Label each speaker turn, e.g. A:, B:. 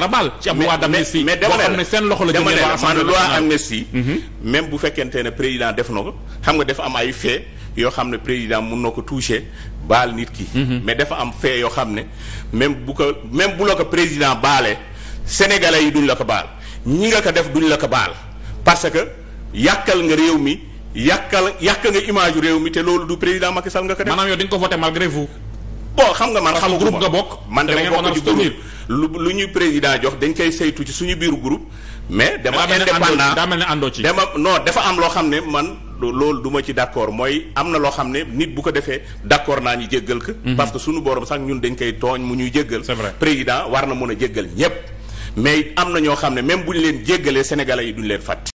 A: xarabal ci ab loi d'amnistie mais boo xam ne seen loxo la jëmee waa assemblée loi
B: amnistie mhm. même bu fekkente ne président def na ko xam nga dafa am ay fait yoo xam ne président mun na ko toucher baal nit ki mhm. mais dafa am fait yoo xam ne même bu ko même bu la ko président baalee sénégalais yi duñ la ko baal ñi nga ko def duñ la ko baal parce que yàkkal nga réew mi yàkkal yàkk nga image réew mi te loolu du président Macky Sall nga ko def maanaam yow dañ ko voté malgré vous bon xam nga man xamu groupe nga bokk man dama bokk ci groupe lu lu ñuy président jox dañ koy saytu ci suñu biiru group mais dama indépendant daa mel ne àndoo ci dama non dafa am loo xam ne man loolu duma ci d'accord mooy am na loo xam ne nit bu ko defee d'accord naa ñu jéggal ko mhm. parce que suñu borom sax ñun dañ koy tooñ mu ñuy jéggal c'est vrai président war na mën a jéggal ñépp mais am na ñoo xam ne même bu ñu leen jéggalee sénégalais yi duñ leen fàtt